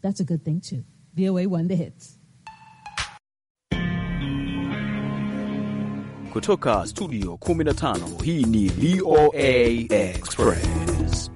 That's a good thing too. VOA won the hits. Kutoka studio 15 hii ni VOA Express.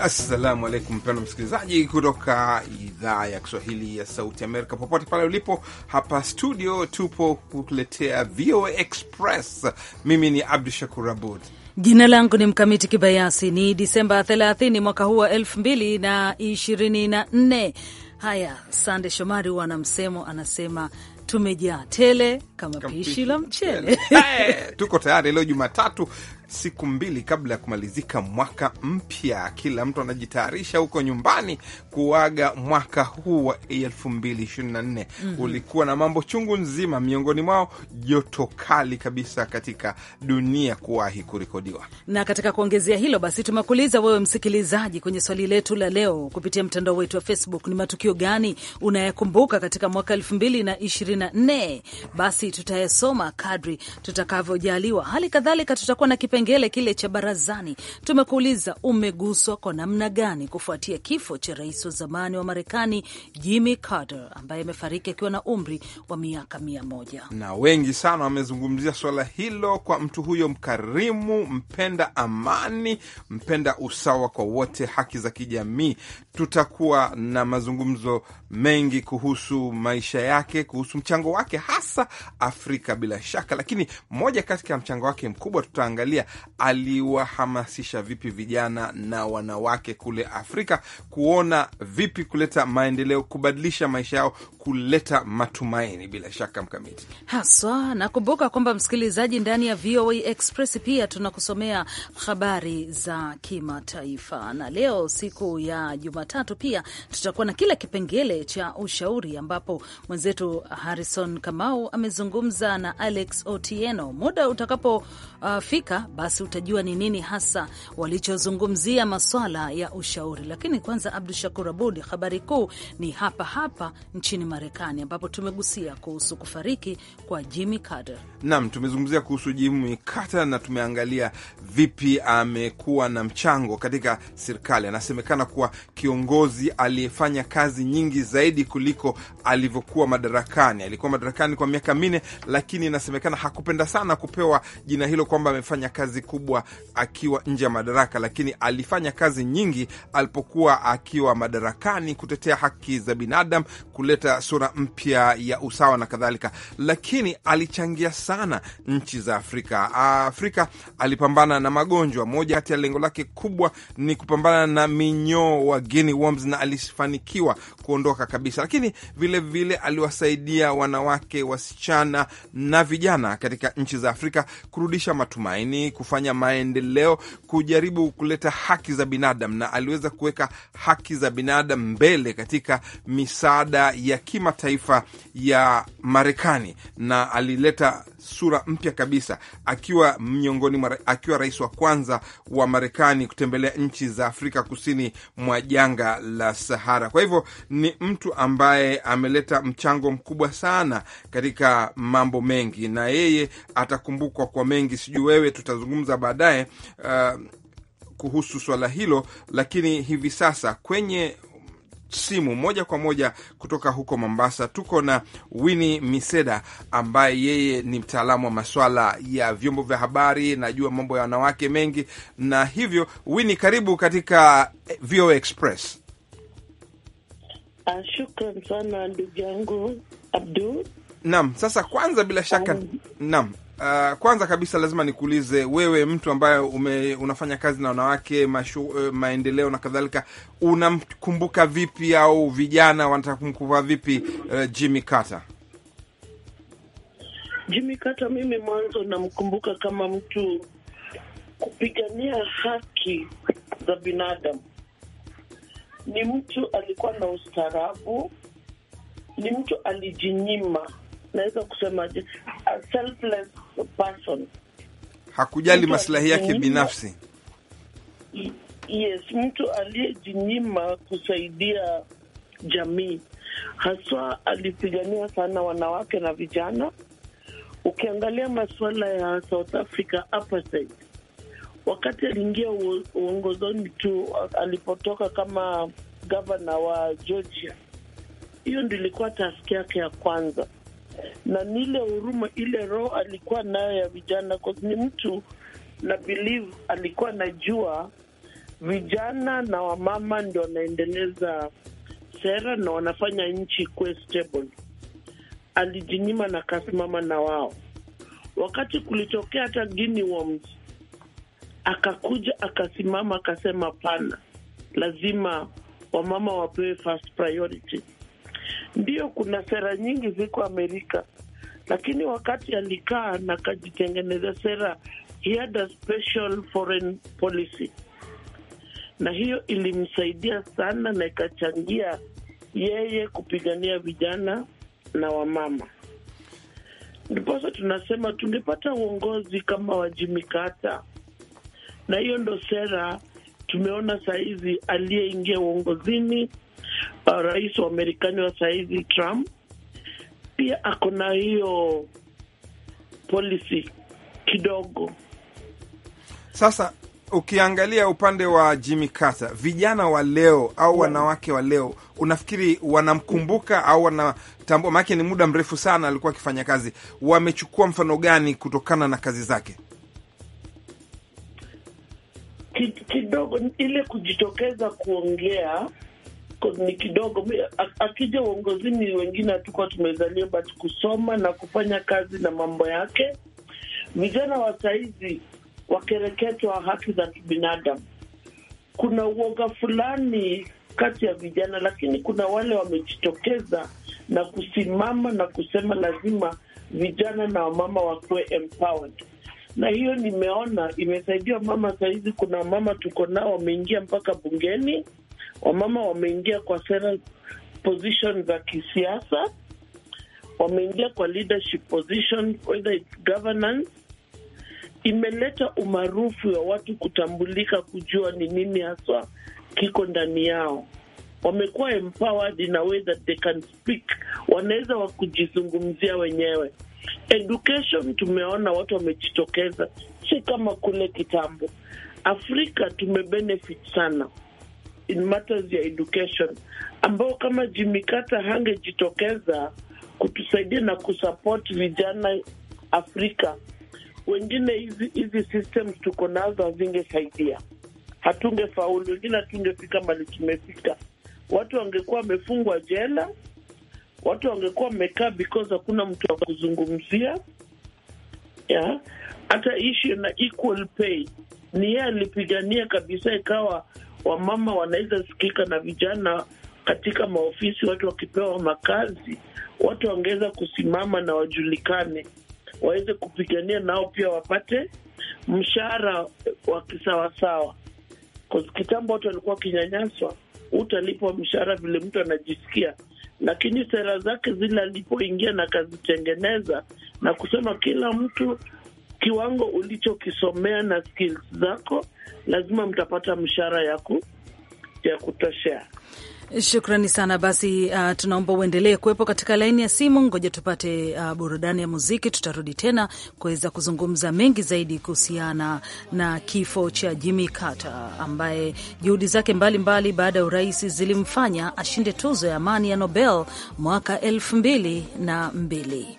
Assalamu alaikum mpendo msikilizaji, kutoka idhaa ya Kiswahili ya Sauti Amerika, popote pale ulipo. Hapa studio tupo kukuletea VOA Express. Mimi ni Abdu Shakur Abud Jina langu ni Mkamiti Kibayasi. Ni Disemba 30 mwaka huu wa 2024. Haya, Sande Shomari wana msemo anasema tumejaa tele kama pishi la mchele. Tuko tayari leo Jumatatu siku mbili kabla ya kumalizika mwaka mpya. Kila mtu anajitayarisha huko nyumbani kuaga mwaka huu wa 2024. Mm -hmm. Ulikuwa na mambo chungu nzima, miongoni mwao joto kali kabisa katika dunia kuwahi kurekodiwa. Na katika kuongezea hilo, basi tumekuuliza wewe msikilizaji kwenye swali letu la leo kupitia mtandao wetu wa Facebook, ni matukio gani unayakumbuka katika mwaka 2024? Basi tutayasoma kadri tutakavyojaliwa. Hali kadhalika tutakuwa na kipengi kipengele kile cha barazani tumekuuliza umeguswa kwa namna gani kufuatia kifo cha rais wa zamani wa Marekani Jimmy Carter ambaye amefariki akiwa na umri wa miaka mia moja. Na wengi sana wamezungumzia swala hilo kwa mtu huyo mkarimu, mpenda amani, mpenda usawa kwa wote, haki za kijamii. Tutakuwa na mazungumzo mengi kuhusu maisha yake, kuhusu mchango wake hasa Afrika bila shaka, lakini moja katika mchango wake mkubwa tutaangalia aliwahamasisha vipi vijana na wanawake kule Afrika kuona vipi kuleta maendeleo, kubadilisha maisha yao, kuleta matumaini. Bila shaka mkamiti haswa. Nakumbuka kwamba msikilizaji, ndani ya VOA Express pia tunakusomea habari za kimataifa, na leo siku ya Jumatatu pia tutakuwa na kila kipengele cha ushauri, ambapo mwenzetu Harrison Kamau amezungumza na Alex Otieno. Muda utakapofika uh, basi utajua ni nini hasa walichozungumzia maswala ya ushauri. Lakini kwanza, Abdu Shakur Abud, habari kuu ni hapa hapa nchini Marekani, ambapo tumegusia kuhusu kufariki kwa Jimmy Carter. Naam, tumezungumzia kuhusu Jimmy Carter na tumeangalia vipi amekuwa na mchango katika serikali. Anasemekana kuwa kiongozi aliyefanya kazi nyingi zaidi kuliko alivyokuwa madarakani. Alikuwa madarakani kwa miaka minne, lakini inasemekana hakupenda sana kupewa jina hilo kwamba amefanya kazi kazi kubwa akiwa nje ya madaraka, lakini alifanya kazi nyingi alipokuwa akiwa madarakani, kutetea haki za binadamu, kuleta sura mpya ya usawa na kadhalika, lakini alichangia sana nchi za Afrika. Afrika alipambana na magonjwa. Moja kati ya lengo lake kubwa ni kupambana na minyoo wa guinea worms, na alifanikiwa kuondoka kabisa, lakini vilevile vile aliwasaidia wanawake, wasichana na vijana katika nchi za Afrika kurudisha matumaini kufanya maendeleo, kujaribu kuleta haki za binadamu, na aliweza kuweka haki za binadamu mbele katika misaada ya kimataifa ya Marekani, na alileta sura mpya kabisa akiwa miongoni mwa, akiwa rais wa kwanza wa Marekani kutembelea nchi za Afrika kusini mwa janga la Sahara. Kwa hivyo ni mtu ambaye ameleta mchango mkubwa sana katika mambo mengi, na yeye atakumbukwa kwa mengi. Sijui wewe, tutazungumza tutazungumza baadaye uh, kuhusu swala hilo, lakini hivi sasa kwenye simu moja kwa moja kutoka huko Mombasa tuko na wini Miseda ambaye yeye ni mtaalamu wa maswala ya vyombo vya habari, najua mambo ya wanawake mengi, na hivyo Wini, karibu katika eh, VOA Express. Ah, shukran sana ndugu yangu Abdu. Naam, sasa kwanza bila shaka, ah. naam, Uh, kwanza kabisa lazima nikuulize wewe, mtu ambaye ume, unafanya kazi na wanawake mashu, uh, maendeleo na kadhalika, unamkumbuka vipi au vijana wanataka kumkumbuka vipi uh, Jimmy Carter? Jimmy Carter, mimi mwanzo namkumbuka kama mtu kupigania haki za binadamu. Ni mtu alikuwa na ustaarabu, ni mtu alijinyima naweza kusema a selfless person, hakujali maslahi yake binafsi. Yes, mtu aliyejinyima kusaidia jamii, haswa alipigania sana wanawake na vijana. Ukiangalia masuala ya South Africa apartheid, wakati aliingia uongozoni tu alipotoka kama gavana wa Georgia, hiyo ndio ilikuwa taski yake ya kwanza na nile huruma, ile roho alikuwa nayo ya vijana, kwa ni mtu na believe alikuwa najua vijana na wamama ndio wanaendeleza sera na wanafanya nchi kuwe stable. Alijinyima na kasimama na wao, wakati kulitokea hata Guinea worms, akakuja akasimama, akasema pana, lazima wamama wapewe first priority ndio kuna sera nyingi ziko Amerika, lakini wakati alikaa na kajitengeneza sera, he had a special foreign policy, na hiyo ilimsaidia sana na ikachangia yeye kupigania vijana na wamama. Ndiposa tunasema tungepata uongozi kama wa Jimmy Carter, na hiyo ndo sera tumeona sahizi aliyeingia uongozini rais wa Marekani wa sahizi Trump pia ako na hiyo policy kidogo. Sasa ukiangalia upande wa Jimmy Carter, vijana wa leo au wanawake wa leo, unafikiri wanamkumbuka au wanatambua? Maanake ni muda mrefu sana alikuwa akifanya kazi. Wamechukua mfano gani kutokana na kazi zake? Kidogo ile kujitokeza kuongea ni kidogo. Akija uongozini, wengine hatukuwa tumezaliwa, but kusoma na kufanya kazi na mambo yake. Vijana wa sahizi wakereketwa haki za kibinadamu. Kuna uoga fulani kati ya vijana, lakini kuna wale wamejitokeza na kusimama na kusema lazima vijana na wamama wakuwe empowered na hiyo nimeona imesaidia mama. Sahizi kuna mama tuko nao wameingia mpaka bungeni, Wamama wameingia kwa sera position za kisiasa, wameingia kwa leadership position, whether it's governance. Imeleta umaarufu wa watu kutambulika, kujua ni nini haswa kiko ndani yao. Wamekuwa empowered in a way that they can speak, wanaweza wakujizungumzia wenyewe. Education, tumeona watu wamejitokeza, si kama kule kitambo. Afrika tumebenefit sana in matters ya education, ambao kama Jimmy Carter hangejitokeza kutusaidia na kusupport vijana Afrika wengine, hizi hizi systems tuko nazo hazingesaidia, faulu, wengine hatungefika mali tumefika. Watu wangekuwa wamefungwa jela, watu wangekuwa wamekaa because hakuna mtu wa kuzungumzia hata yeah. Issue na equal pay ni yeye alipigania kabisa, ikawa wamama wanaweza sikika na vijana katika maofisi, watu wakipewa makazi, watu wangeweza kusimama na wajulikane, waweze kupigania nao pia wapate mshahara wa kisawasawa. Kitambo watu walikuwa wakinyanyaswa, utalipwa mshahara vile mtu anajisikia, lakini sera zake zile alipoingia na akazitengeneza na kusema kila mtu kiwango ulichokisomea na skills zako, lazima mtapata mshahara ya ku ya kutoshea. Shukrani sana basi. Uh, tunaomba uendelee kuwepo katika laini ya simu. Ngoja tupate uh, burudani ya muziki, tutarudi tena kuweza kuzungumza mengi zaidi kuhusiana na kifo cha Jimmy Carter ambaye juhudi zake mbalimbali baada ya urais zilimfanya ashinde tuzo ya amani ya Nobel mwaka elfu mbili na mbili.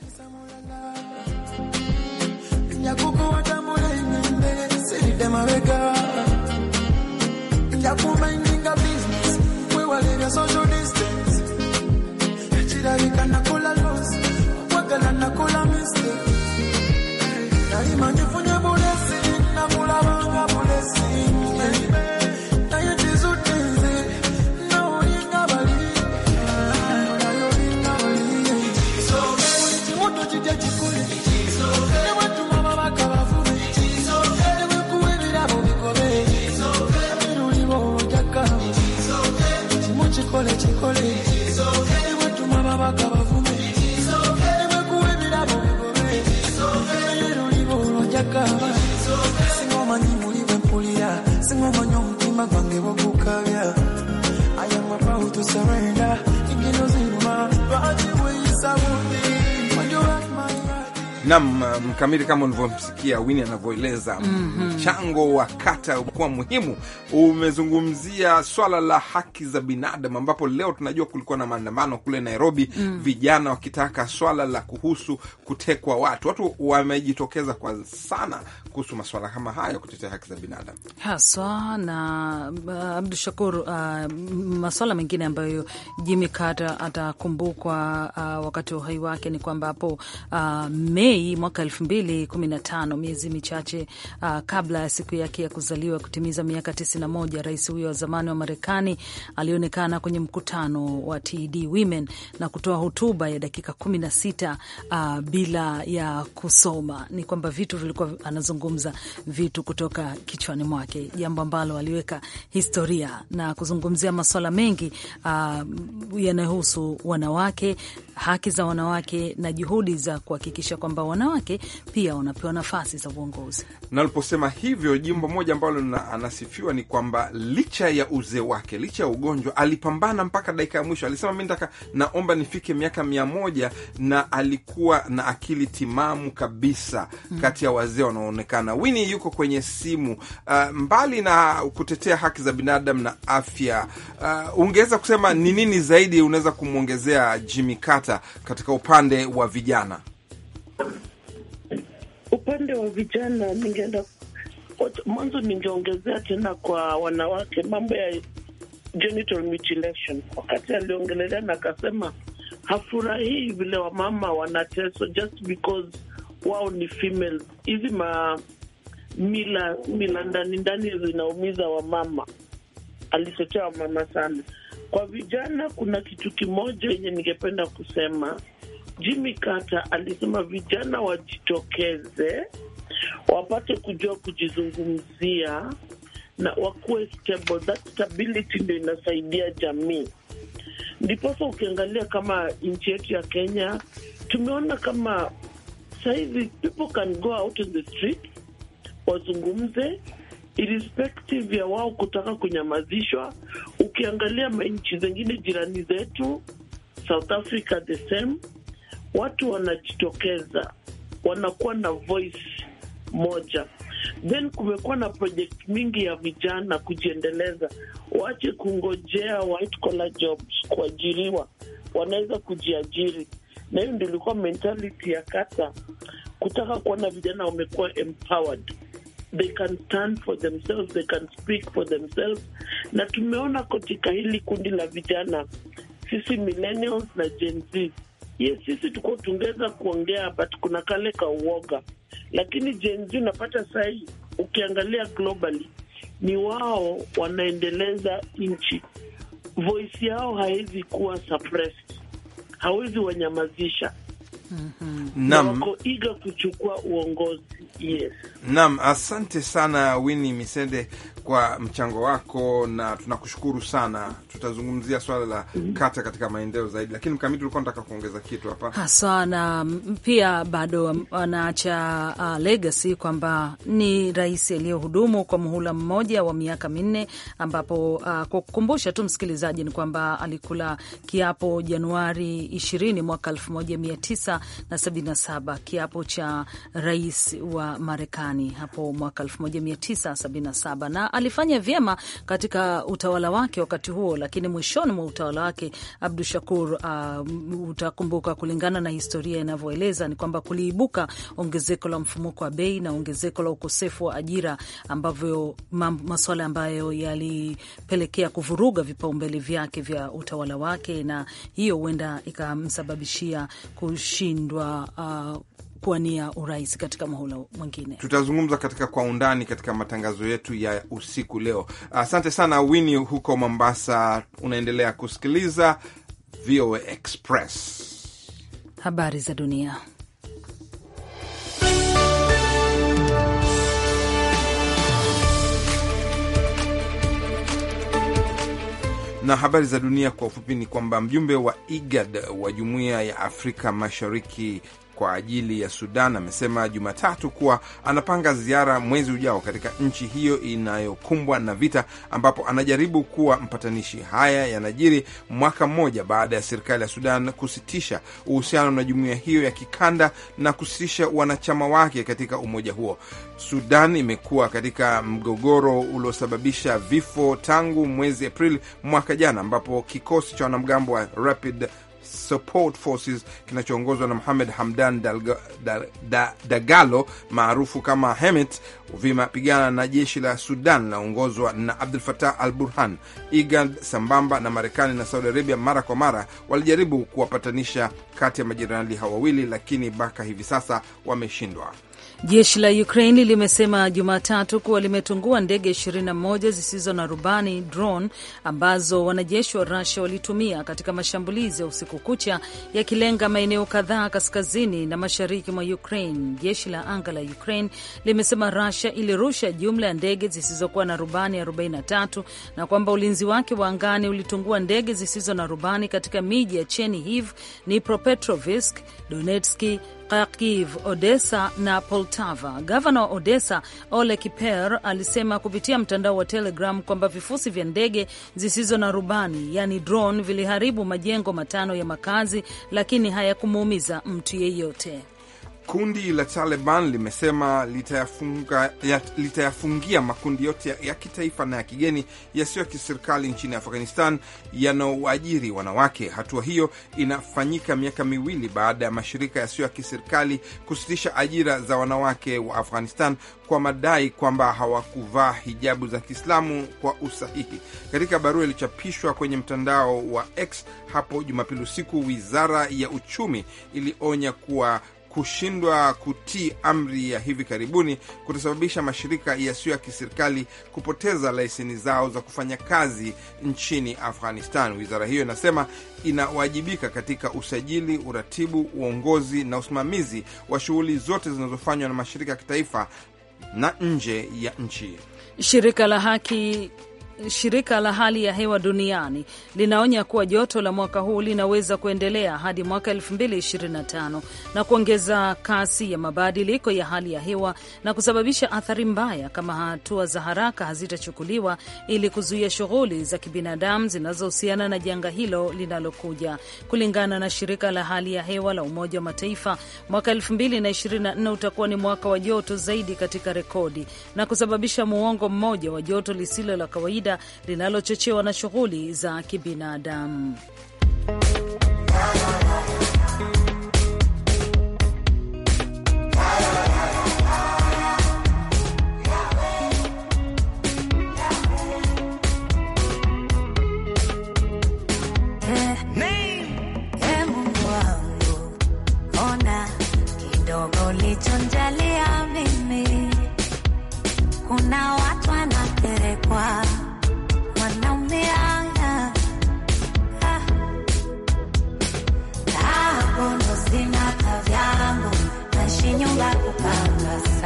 Business. We were living social distance. kamili kama ulivyomsikia Wini anavyoeleza mhm. mchango mm -hmm. wa kata kuwa muhimu. Umezungumzia swala la haki za binadamu, ambapo leo tunajua kulikuwa na maandamano kule Nairobi mm. vijana wakitaka swala la kuhusu kutekwa watu. Watu wamejitokeza kwa sana kuhusu maswala kama hayo, kutetea haki za binadamu haswa na uh, Abdu Shakur, uh, maswala mengine ambayo Jimmy Carter atakumbukwa uh, wakati wa uhai wake ni kwamba hapo uh, Mei mwaka elfu mbili 2015, miezi michache uh, kabla ya siku yake ya kuzaliwa kutimiza miaka 91, rais huyo wa zamani wa Marekani alionekana kwenye mkutano wa TED Women na kutoa hotuba ya dakika 16 uh, bila ya kusoma. Ni kwamba vitu vilikuwa anazungumza vitu kutoka kichwani mwake, jambo ambalo aliweka historia na kuzungumzia masuala mengi uh, yanayohusu wanawake, haki za wanawake na juhudi za kuhakikisha kwamba wanawake pia wanapewa nafasi za uongozi. na aliposema hivyo, jimbo moja ambalo anasifiwa ni kwamba licha ya uzee wake, licha ya ugonjwa, alipambana mpaka dakika ya mwisho. Alisema mi nataka, naomba nifike miaka mia moja, na alikuwa na akili timamu kabisa, mm. kati ya wazee wanaoonekana. Wini yuko kwenye simu. Uh, mbali na kutetea haki za binadamu na afya, uh, ungeweza kusema ni nini zaidi unaweza kumwongezea Jimmy Carter katika upande wa vijana? upande wa vijana, ningeenda mwanzo, ningeongezea tena kwa wanawake mambo ya genital mutilation. Wakati aliongelelea na akasema hafurahii vile wamama wanateswa just because wao ni female. Hizi ma mila mila ndani ndani zinaumiza wamama, alichochea wamama sana. Kwa vijana, kuna kitu kimoja yenye ningependa kusema Jimmy Carter alisema vijana wajitokeze, wapate kujua kujizungumzia na wakuwe stable. That stability ndio inasaidia jamii. Ndiposa ukiangalia kama nchi yetu ya Kenya, tumeona kama sahizi people can go out in the street wazungumze irrespective ya wao kutaka kunyamazishwa. Ukiangalia manchi zengine jirani zetu South Africa the same, watu wanajitokeza, wanakuwa na voice moja. Then kumekuwa na project mingi ya vijana kujiendeleza, waache kungojea white collar jobs kuajiriwa, wanaweza kujiajiri. Na hiyo ndio ilikuwa mentality ya kata, kutaka kuona vijana wamekuwa empowered they can stand for themselves, they can speak for themselves. Na tumeona katika hili kundi la vijana sisi millennials na Gen Z Yes, sisi tuko tungeweza kuongea hapa, kuna kale ka uoga, lakini Gen Z unapata sahi, ukiangalia globally ni wao wanaendeleza nchi, voisi yao hawezi kuwa suppressed, hawezi wanyamazisha. Mm -hmm. Nam, kuchukua uongozi. Yes. Nam, asante sana Winnie Misende kwa mchango wako na tunakushukuru sana. Tutazungumzia swala la mhm. kata katika maendeleo zaidi, lakini Mkamiti, ulikuwa nataka kuongeza kitu hapa haswa, na pia bado anaacha uh, legacy kwamba ni rais aliyohudumu kwa muhula mmoja wa miaka minne, ambapo uh, kwa kukumbusha tu msikilizaji ni kwamba alikula kiapo Januari 20 mwaka 1977 kiapo cha rais wa Marekani hapo mwaka 1977 na alifanya vyema katika utawala wake wakati huo, lakini mwishoni mwa utawala wake Abdu Shakur, uh, utakumbuka kulingana na historia inavyoeleza ni kwamba kuliibuka ongezeko la mfumuko wa bei na ongezeko la ukosefu wa ajira, ambavyo masuala ambayo yalipelekea kuvuruga vipaumbele vyake vya utawala wake, na hiyo huenda ikamsababishia kushindwa uh, kuwania urais katika muhula mwingine. Tutazungumza katika kwa undani katika matangazo yetu ya usiku leo. Asante sana wini huko Mombasa. Unaendelea kusikiliza VOA Express, habari za dunia. Na habari za dunia kwa ufupi ni kwamba mjumbe wa IGAD wa Jumuiya ya Afrika Mashariki kwa ajili ya Sudan amesema Jumatatu kuwa anapanga ziara mwezi ujao katika nchi hiyo inayokumbwa na vita, ambapo anajaribu kuwa mpatanishi. Haya yanajiri mwaka mmoja baada ya serikali ya Sudan kusitisha uhusiano na jumuiya hiyo ya kikanda na kusitisha wanachama wake katika umoja huo. Sudan imekuwa katika mgogoro uliosababisha vifo tangu mwezi Aprili mwaka jana, ambapo kikosi cha wanamgambo wa Rapid Support Forces kinachoongozwa na Mohamed Hamdan Dagalo da, da, maarufu kama Hemit vimepigana na jeshi la Sudan linaongozwa na Abdul Fatah al Burhan. IGAD sambamba na Marekani na Saudi Arabia mara kwa mara walijaribu kuwapatanisha kati ya majirani hao wawili, lakini mpaka hivi sasa wameshindwa. Jeshi la Ukraini limesema Jumatatu kuwa limetungua ndege 21 zisizo na rubani drone, ambazo wanajeshi wa Rusia walitumia katika mashambulizi ya usiku kucha yakilenga maeneo kadhaa kaskazini na mashariki mwa Ukraine. Jeshi la anga la Ukraine limesema Rusia ilirusha jumla ya ndege zisizokuwa na rubani 43 na kwamba ulinzi wake wa angani ulitungua ndege zisizo na rubani katika miji ya Chernihiv, Dnipropetrovsk, Donetski, Kharkiv, Odessa na Poltava. Gavana wa Odessa Ole Kiper alisema kupitia mtandao wa Telegram kwamba vifusi vya ndege zisizo na rubani, yani drone, viliharibu majengo matano ya makazi, lakini hayakumuumiza mtu yeyote. Kundi la Taliban limesema litayafunga, litayafungia makundi yote ya, kitaifa na ya kigeni yasiyo ya kiserikali nchini Afghanistan yanaowaajiri wanawake. Hatua hiyo inafanyika miaka miwili baada ya mashirika yasiyo ya kiserikali kusitisha ajira za wanawake wa Afghanistan kwa madai kwamba hawakuvaa hijabu za Kiislamu kwa usahihi. Katika barua iliyochapishwa kwenye mtandao wa X hapo Jumapili usiku, wizara ya uchumi ilionya kuwa kushindwa kutii amri ya hivi karibuni kutasababisha mashirika yasiyo ya kiserikali kupoteza leseni zao za kufanya kazi nchini Afghanistan. Wizara hiyo inasema inawajibika katika usajili, uratibu, uongozi na usimamizi wa shughuli zote zinazofanywa na mashirika ya kitaifa na nje ya nchi. Shirika la haki Shirika la hali ya hewa duniani linaonya kuwa joto la mwaka huu linaweza kuendelea hadi mwaka 2025 na kuongeza kasi ya mabadiliko ya hali ya hewa na kusababisha athari mbaya kama hatua za haraka hazitachukuliwa ili kuzuia shughuli za kibinadamu zinazohusiana na janga hilo linalokuja. Kulingana na shirika la hali ya hewa la Umoja wa Mataifa, mwaka 2024 utakuwa ni mwaka wa joto zaidi katika rekodi na kusababisha muongo mmoja wa joto lisilo la kawaida kawaida linalochochewa na shughuli za kibinadamu. Hey, hey,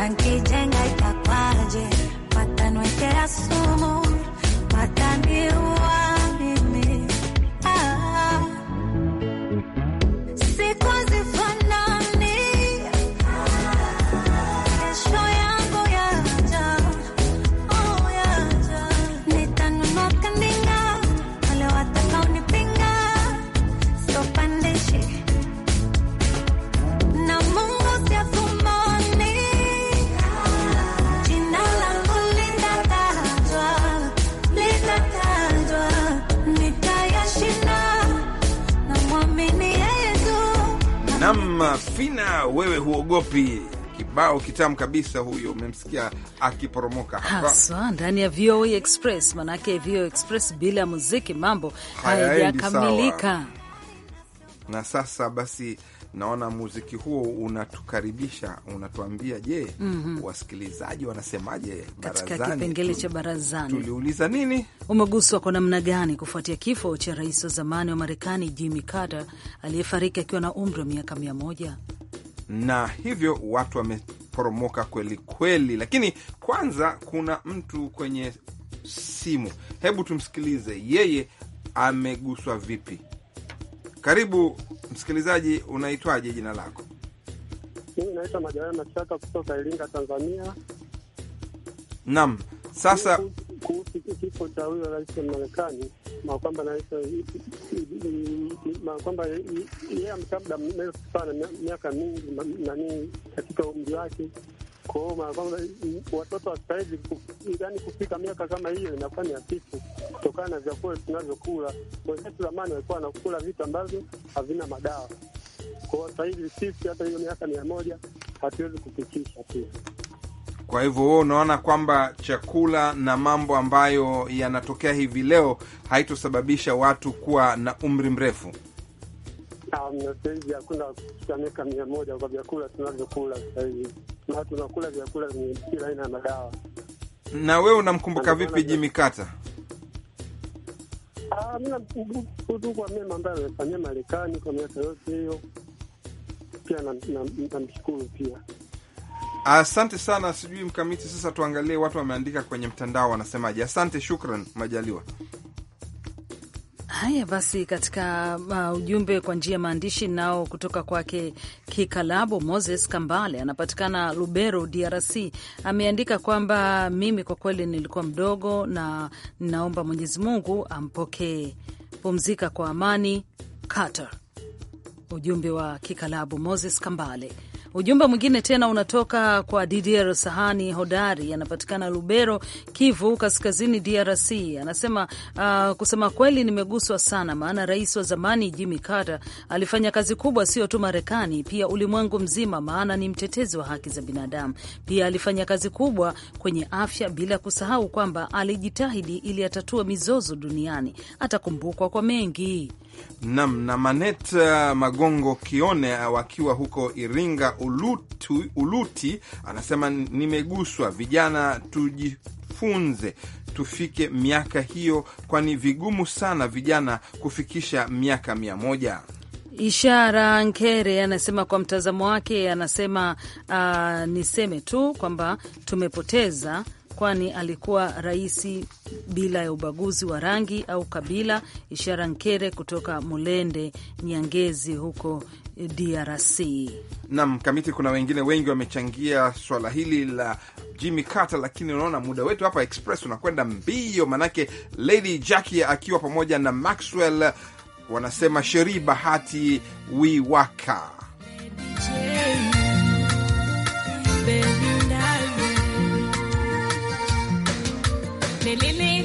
y en Alta mata mata mi anasema fina wewe huogopi kibao kitamu kabisa. Huyo umemsikia akiporomoka haswa ndani ya VOA e Express, manake VOA e Express bila muziki mambo hayajakamilika. Na sasa basi naona muziki huo unatukaribisha, unatuambia je, mm -hmm. wasikilizaji wanasemaje katika kipengele cha barazani? Tuliuliza nini, umeguswa kwa namna gani kufuatia kifo cha rais wa zamani wa Marekani Jimmy Carter aliyefariki akiwa na umri wa miaka mia moja na hivyo watu wameporomoka kweli kweli, lakini kwanza kuna mtu kwenye simu, hebu tumsikilize yeye ameguswa vipi. Karibu msikilizaji, unaitwaje jina lako? Mimi naitwa Majawaya Mashaka kutoka Iringa, Tanzania. Naam, sasa kuhusu kifo cha huyo rais wa Marekani makwamba yeye amekaa muda mrefu sana, miaka mingi nanii, katika umri wake kwa kwamba watoto hawastahili yani kufika miaka kama hiyo, inakuwa ni hafifu kutokana na vyakula tunavyokula. Wenzetu zamani walikuwa wanakula vitu ambavyo havina madawa. kwao hiyo sasa hivi sisi hata hiyo miaka mia moja hatuwezi kufikisha pia. Kwa hivyo wewe unaona kwamba chakula na mambo ambayo yanatokea hivi leo haitosababisha watu kuwa na umri mrefu. Um, Sahizi hakuna kufika miaka mia moja kwa vyakula tunavyokula sahizi na tunakula vyakula vyenye kila aina ya madawa. Na wewe unamkumbuka vipi Jimmy Carter? Ah, mimi namkumbuka tu kwa mema ambayo amefanyia Marekani kwa miaka yote hiyo, pia namshukuru pia. Asante sana, sijui mkamiti. Sasa tuangalie watu wameandika kwenye mtandao wanasemaje. Asante, shukran, Majaliwa. Haya basi, katika uh, ujumbe kwa njia ya maandishi nao kutoka kwake Kikalabo Moses Kambale, anapatikana Lubero, DRC, ameandika kwamba mimi kwa kweli nilikuwa mdogo na ninaomba Mwenyezi Mungu ampokee. Pumzika kwa amani Qatar. Ujumbe wa Kikalabu Moses Kambale. Ujumbe mwingine tena unatoka kwa Didier Sahani Hodari, anapatikana Lubero, Kivu Kaskazini, DRC. Anasema uh, kusema kweli, nimeguswa sana, maana rais wa zamani Jimmy Carter alifanya kazi kubwa, sio tu Marekani, pia ulimwengu mzima, maana ni mtetezi wa haki za binadamu. Pia alifanya kazi kubwa kwenye afya, bila kusahau kwamba alijitahidi ili atatua mizozo duniani. Atakumbukwa kwa mengi nam na Manet uh, Magongo Kione uh, wakiwa huko Iringa Ulutu, Uluti anasema nimeguswa, vijana tujifunze tufike miaka hiyo, kwani vigumu sana vijana kufikisha miaka mia moja. Ishara Nkere anasema kwa mtazamo wake, anasema uh, niseme tu kwamba tumepoteza kwani alikuwa rais bila ya ubaguzi wa rangi au kabila. Ishara Nkere kutoka Mulende Nyangezi huko DRC. Nam Kamiti, kuna wengine wengi wamechangia swala hili la Jimmy Carter, lakini unaona muda wetu hapa Express unakwenda mbio, manake Lady Jackie akiwa pamoja na Maxwell wanasema Sheri Bahati Wiwaka Baby Baby. Lily.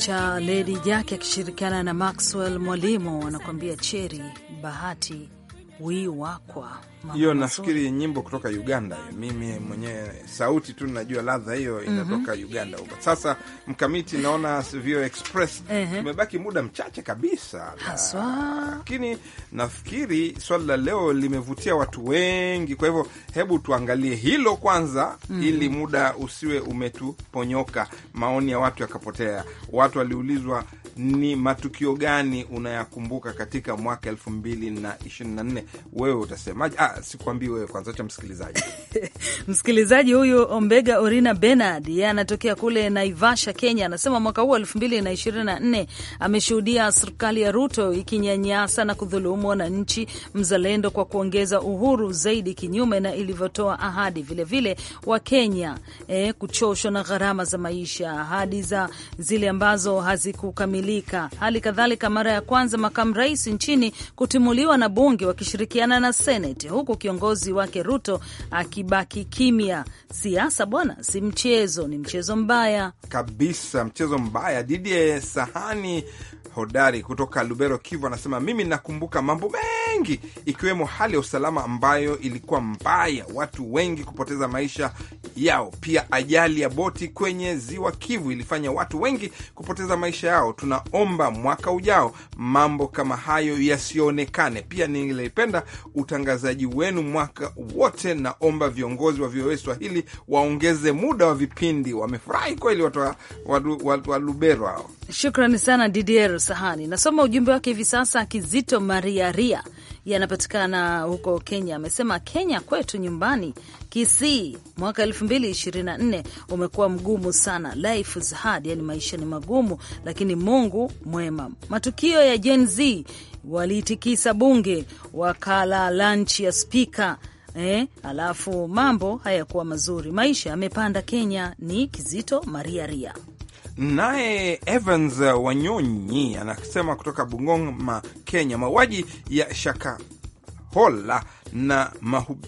cha Lady Jack akishirikiana na Maxwell Mwalimu wanakuambia cheri bahati wakwa hiyo nafikiri nyimbo kutoka Uganda. Mimi mwenyewe sauti tu najua ladha hiyo mhm. inatoka mm -hmm. Uganda huko. Sasa mkamiti, naona Vio Express tumebaki uh -huh. muda mchache kabisa, lakini nafikiri swali la leo limevutia watu wengi, kwa hivyo hebu tuangalie hilo kwanza mm -hmm. ili muda usiwe umetuponyoka, maoni ya watu yakapotea. Watu waliulizwa ni matukio gani unayakumbuka katika mwaka elfu mbili na ishirini na nne, wewe utasemaje? ah, sikuambii wewe kwanza, cha msikilizaji msikilizaji huyu Ombega Orina Benard, yeye anatokea kule Naivasha, Kenya. Anasema mwaka huu elfu mbili na ishirini na nne ameshuhudia serikali ya Ruto ikinyanyasa na kudhulumu wananchi mzalendo kwa kuongeza uhuru zaidi, kinyume na ilivyotoa ahadi. Vilevile Wakenya eh, kuchoshwa na gharama za maisha, ahadi za zile ambazo hazikukamilika. Hali kadhalika, mara ya kwanza makamu rais nchini kutimuliwa na bunge wakishirikiana na seneti huku kiongozi wake Ruto akibaki kimya. Siasa bwana, si mchezo, ni mchezo mbaya kabisa, mchezo mbaya. ya Sahani hodari kutoka Lubero, Kivu, anasema mimi nakumbuka mambo mengi, ikiwemo hali ya usalama ambayo ilikuwa mbaya, watu wengi kupoteza maisha yao. Pia ajali ya boti kwenye ziwa Kivu ilifanya watu wengi kupoteza maisha yao. Tunaomba mwaka ujao mambo kama hayo yasionekane. Pia nilipenda utangazaji wenu mwaka wote. Naomba viongozi wa VOA Swahili waongeze muda wa vipindi. Wamefurahi kweli watu wa, Lubero hao. Shukrani sana Didier Sahani. Nasoma ujumbe wake hivi sasa, Kizito Maria Ria yanapatikana huko Kenya. Amesema Kenya kwetu nyumbani, Kisii, mwaka 2024 umekuwa mgumu sana, life is hard, yani maisha ni magumu, lakini Mungu mwema. Matukio ya Gen Z waliitikisa bunge, wakala lanchi ya spika Eh, alafu mambo hayakuwa mazuri, maisha yamepanda Kenya, ni kizito mariaria. Naye Evans Wanyonyi anasema kutoka Bungoma, Kenya, mauaji ya Shakahola na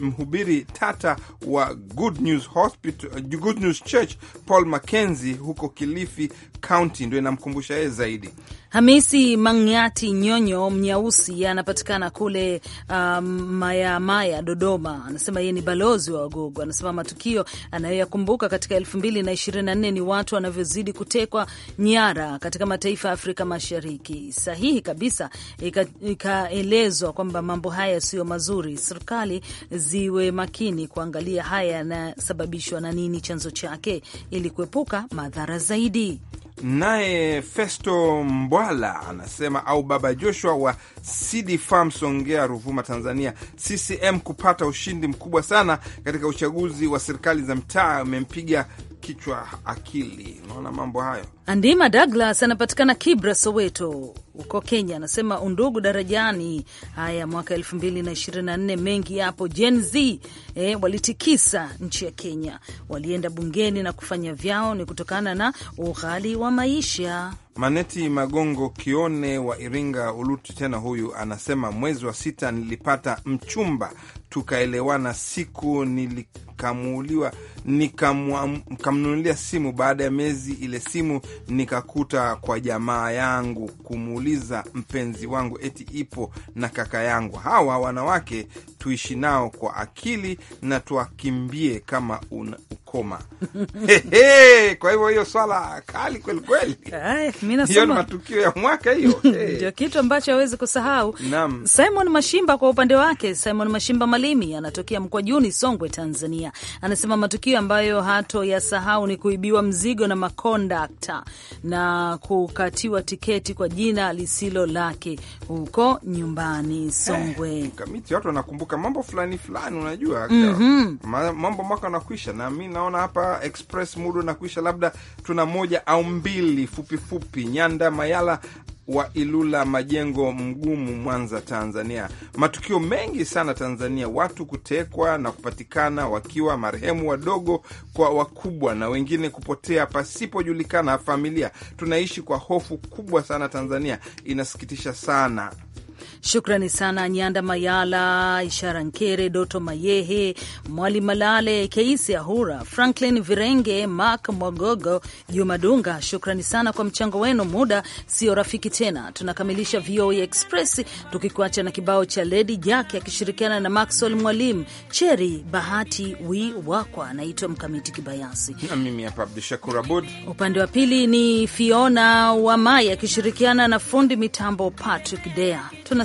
mhubiri tata wa Good News Hospital, Good News Church Paul Mackenzie huko Kilifi Kaunti ndio inamkumbusha yeye zaidi. Hamisi Mangyati Nyonyo Mnyausi anapatikana kule um, Mayamaya, Dodoma. Anasema yeye ni balozi wa Wagogo. Anasema matukio anayoyakumbuka katika elfu mbili na ishirini na nne ni watu wanavyozidi kutekwa nyara katika mataifa ya Afrika Mashariki. Sahihi kabisa, ikaelezwa ika kwamba mambo haya siyo mazuri, serikali ziwe makini kuangalia haya yanasababishwa na nini, chanzo chake, ili kuepuka madhara zaidi. Naye Festo Mbwala anasema au Baba Joshua wa CD Farm Songea, Ruvuma, Tanzania, CCM kupata ushindi mkubwa sana katika uchaguzi wa serikali za mtaa, amempiga kichwa, akili. Unaona mambo hayo. Andima Douglas anapatikana Kibra, Soweto huko Kenya, anasema undugu darajani. Haya, mwaka nne mengi yapo. Gen Z eh, walitikisa nchi ya Kenya, walienda bungeni na kufanya vyao, ni kutokana na ughali wa maisha. Maneti Magongo Kione wa Iringa uluti tena huyu anasema mwezi wa sita nilipata mchumba, tukaelewana siku nili nikamuuliwa nikamnunulia simu. Baada ya miezi ile simu nikakuta kwa jamaa yangu kumuuliza mpenzi wangu eti ipo na kaka yangu. Hawa wanawake tuishi nao kwa akili na tuwakimbie kama una ukoma. He he, kwa hivyo hiyo swala kali kwelikweli. Eh, hiyo ni matukio ya mwaka hiyo ndio kitu ambacho hawezi kusahau. Nam. Simon Mashimba kwa upande wake, Simon Mashimba Malimi anatokea Mkwajuni, Songwe, Tanzania. Tanzania. Anasema matukio ambayo hato ya sahau ni kuibiwa mzigo na makondakta na kukatiwa tiketi kwa jina lisilo lake huko nyumbani Songwe. Eh, kamiti watu wanakumbuka mambo fulani fulani, unajua mm -hmm. mambo mwaka unakwisha, na mi naona hapa express mudo unakwisha, labda tuna moja au mbili fupifupi fupi. Nyanda Mayala wa Ilula Majengo Mgumu, Mwanza, Tanzania. Matukio mengi sana Tanzania, watu kutekwa na kupatikana wakiwa marehemu wadogo kwa wakubwa, na wengine kupotea pasipojulikana familia. Tunaishi kwa hofu kubwa sana Tanzania, inasikitisha sana. Shukrani sana Nyanda Mayala, Ishara Nkere, Doto Mayehe, Mwali Malale, Keisi Ahura, Franklin Virenge, Mak Mwagogo, Jumadunga. Shukrani sana kwa mchango wenu. Muda sio rafiki tena, tunakamilisha VOA Express tukikuacha na kibao cha Lady Jack akishirikiana na Maxwell Mwalimu, Cheri Bahati wi wakwa. Anaitwa Mkamiti Kibayasi na mimi hapa Abdushakur Abud. Upande wa pili ni Fiona Wamai akishirikiana na fundi mitambo Patrick Dea. Tuna